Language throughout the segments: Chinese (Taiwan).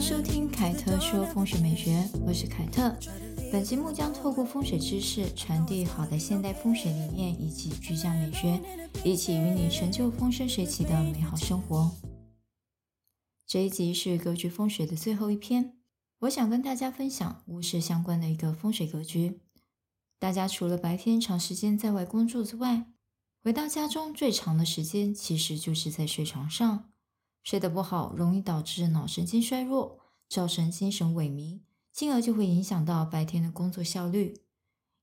收聽凱特說風水美學，我是凱特。本節目將透過風水知識，傳遞好的現代風水理念以及居家美學，一起與你成就風生水起的美好生活。這一集是格局風水的最後一篇，我想跟大家分享臥室相關的一個風水格局。大家除了白天長時間在外工作之外，回到家中最長的時間，其實就是在睡床上。睡得不好容易導致腦神經衰弱，造成精神萎靡，進而就會影響到白天的工作效率。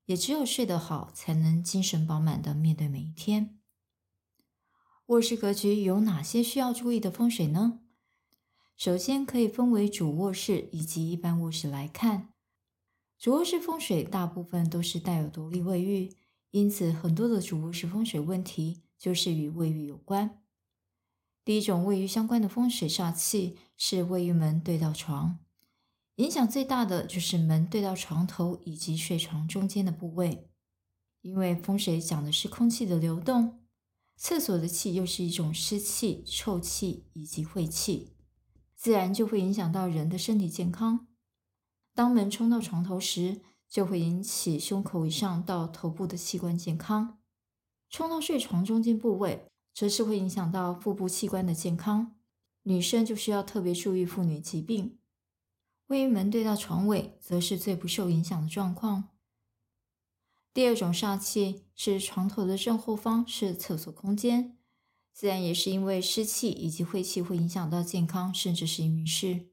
也只有睡得好，才能精神飽滿的面對每一天。臥室格局有哪些需要注意的風水呢？首先可以分為主臥室以及一般臥室來看。主臥室風水大部分都是帶有獨立衛浴，因此很多的主臥室風水問題就是與衛浴有關。第一種位於相關的風水煞氣是位於門對到床，影響最大的就是門對到床頭以及睡床中間的部位，因為風水講的是空氣的流動，廁所的氣又是一種濕氣、臭氣以及晦氣，自然就會影響到人的身體健康。當門衝到床頭時，就會引起胸口以上到頭部的器官健康；衝到睡床中間部位，則是會影響到腹部器官的健康，女生就需要特別注意婦女疾病。位於門對到床尾，則是最不受影響的狀況。第二種煞氣是床頭的正後方是廁所空間，自然也是因為濕氣以及晦氣會影響到健康，甚至是運勢。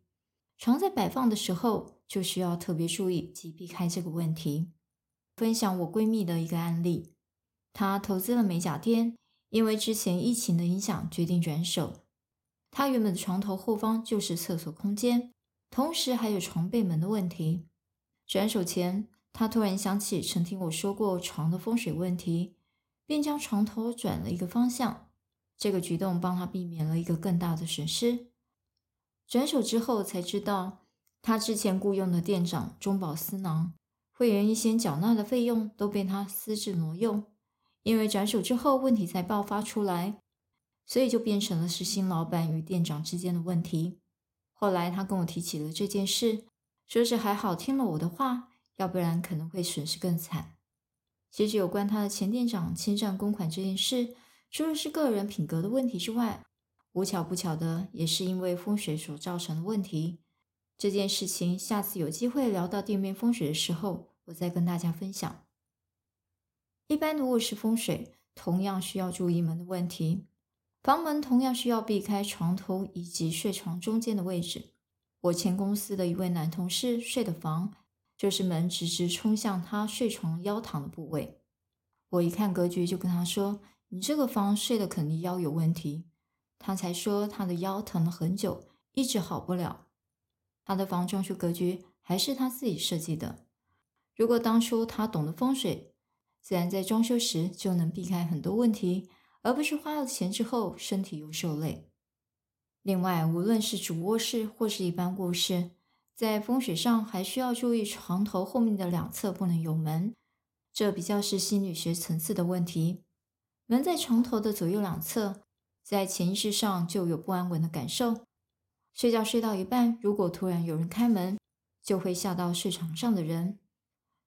床在擺放的時候就需要特別注意及避開這個問題。分享我閨蜜的一個案例，她投資了美甲店。因為之前疫情的影響，決定轉手。他原本的床頭後方就是廁所空間，同時還有床背門的問題。轉手前，他突然想起曾聽我說過床的風水問題，便將床頭轉了一個方向。這個舉動幫他避免了一個更大的損失。轉手之後才知道，他之前僱傭的店長中飽私囊，會員預先繳納的費用都被他私自挪用。因為轉手之後問題才爆發出來，所以就變成了是新老板與店長之間的問題。後來他跟我提起了這件事，說是還好聽了我的話，要不然可能會損失更慘。其實有關他的前店長侵占公款這件事，除了是個人品格的問題之外，無巧不巧的也是因為風水所造成的問題。這件事情下次有機會聊到店面風水的時候，我再跟大家分享。一般的臥室風水同樣需要注意門的問題，房門同樣需要避開床頭以及睡床中間的位置。我前公司的一位男同事睡的房，就是門直直衝向他睡床腰躺的部位。我一看格局，就跟他說：“你這個房睡的肯定腰有問題。”他才說他的腰疼了很久，一直好不了。他的房裝修格局還是他自己設計的。如果當初他懂得風水，自然在裝修時就能避開很多問題，而不是花了錢之後身體又受累。另外，無論是主臥室或是一般臥室，在風水上還需要注意床頭後面的兩側不能有門，這比較是心理學層次的問題。門在床頭的左右兩側，在潛意識上就有不安穩的感受。睡覺睡到一半，如果突然有人開門，就會嚇到睡床上的人。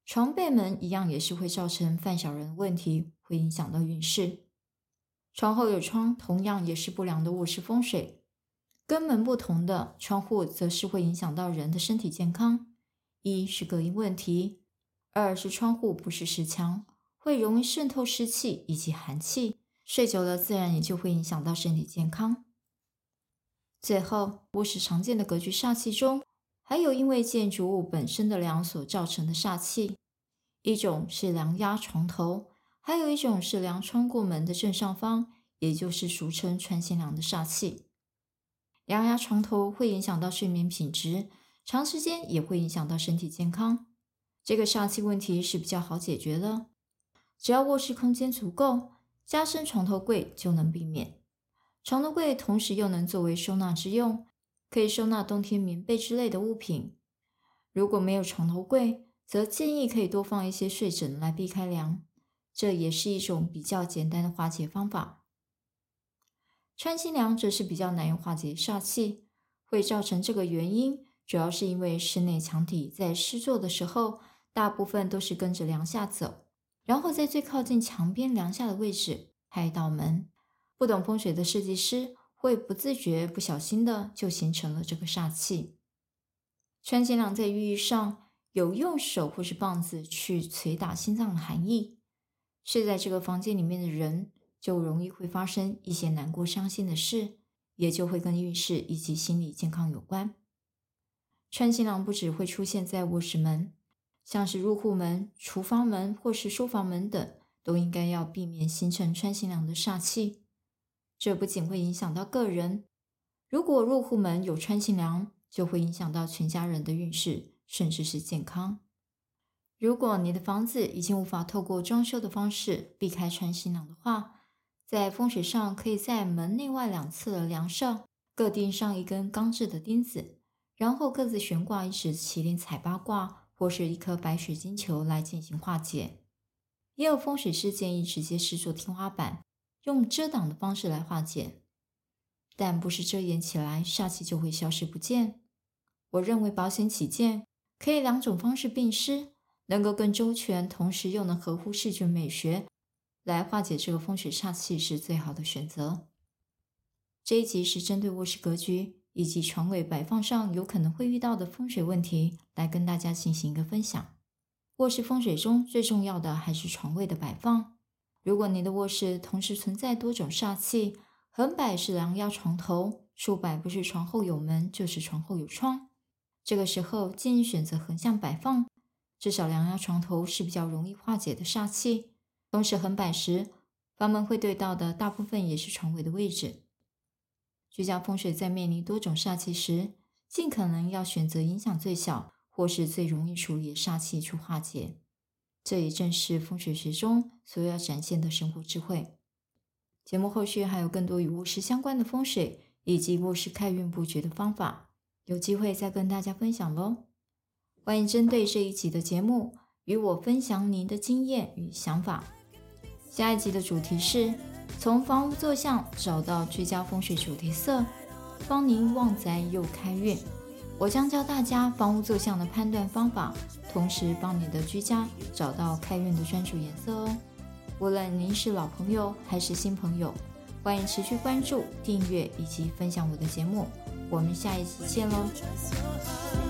床背門一樣也是會造成犯小人問題，會影響到運勢。床後有窗同樣也是不良的臥室風水。跟門不同的，窗戶則是會影響到人的身體健康。一是隔音問題，二是窗戶不是實牆，會容易滲透濕氣以及寒氣，睡久了自然也就會影響到身體健康。最後，臥室常見的格局煞氣中。還有因為建築物本身的梁所造成的煞氣，一種是梁壓床頭，還有一種是梁穿過門的正上方，也就是俗稱穿心梁的煞氣。梁壓床頭會影響到睡眠品質，長時間也會影響到身體健康。這個煞氣問題是比較好解決的，只要臥室空間足夠，加深床頭櫃就能避免。床頭櫃同時又能作為收納之用。可以收納冬天棉被之類的物品。如果沒有床頭櫃，則建議可以多放一些睡枕來避開梁，這也是一種比較簡單的化解方法。穿心梁則是比較難用化解煞氣，會造成這個原因，主要是因為室內牆體在施作的時候，大部分都是跟着梁下走，然後在最靠近牆邊梁下的位置開一道門。不懂風水的設計師。會不自覺、不小心的就形成了這個煞氣。穿心梁在寓意上有右手或是棒子去捶打心臟的含義，睡在這個房間裡面的人就容易會發生一些難過、傷心的事，也就會跟運勢以及心理健康有關。穿心梁不只會出現在臥室門，像是入戶門、廚房門或是書房門等，都應該要避免形成穿心梁的煞氣。這不僅會影響到個人，如果入戶門有穿心梁，就會影響到全家人的運勢，甚至是健康。如果你的房子已經無法透過裝修的方式避開穿心梁的話，在風水上，可以在門內外兩側的梁上各釘上一根鋼制的釘子，然後各自懸掛一隻麒麟踩八卦或是一顆白水晶球來進行化解。也有風水師建議直接施作天花板。用遮擋的方式來化解，但不是遮掩起來，煞氣就會消失不見。我認為保險起見，可以兩種方式並施，能夠更周全，同時又能合乎視覺美學，來化解這個風水煞氣是最好的選擇。這一集是針對臥室格局以及床尾擺放上有可能會遇到的風水問題來跟大家進行一個分享。臥室風水中最重要的還是床位的擺放。如果你的臥室同時存在多種煞氣，橫擺是梁壓床頭，豎擺不是床後有門，就是床後有窗。這個時候建議選擇橫向擺放，至少梁壓床頭是比較容易化解的煞氣。同時橫擺時，房門會對到的大部分也是床尾的位置。居家風水在面臨多種煞氣時，盡可能要選擇影響最小或是最容易處理的煞氣去化解。這也正是風水學中所要展現的生活智慧。節目後續還有更多與臥室相關的風水以及臥室開運布局的方法，有機會再跟大家分享嘍。歡迎針對這一集的節目與我分享您的經驗與想法。下一集的主題是從房屋坐向找到居家風水主題色，幫您旺宅又開運。我將教大家房屋坐向的判斷方法，同時幫你的居家找到開運的專屬顏色哦。無論您是老朋友還是新朋友，歡迎持續關注、訂閱以及分享我的節目。我們下一期見嘍！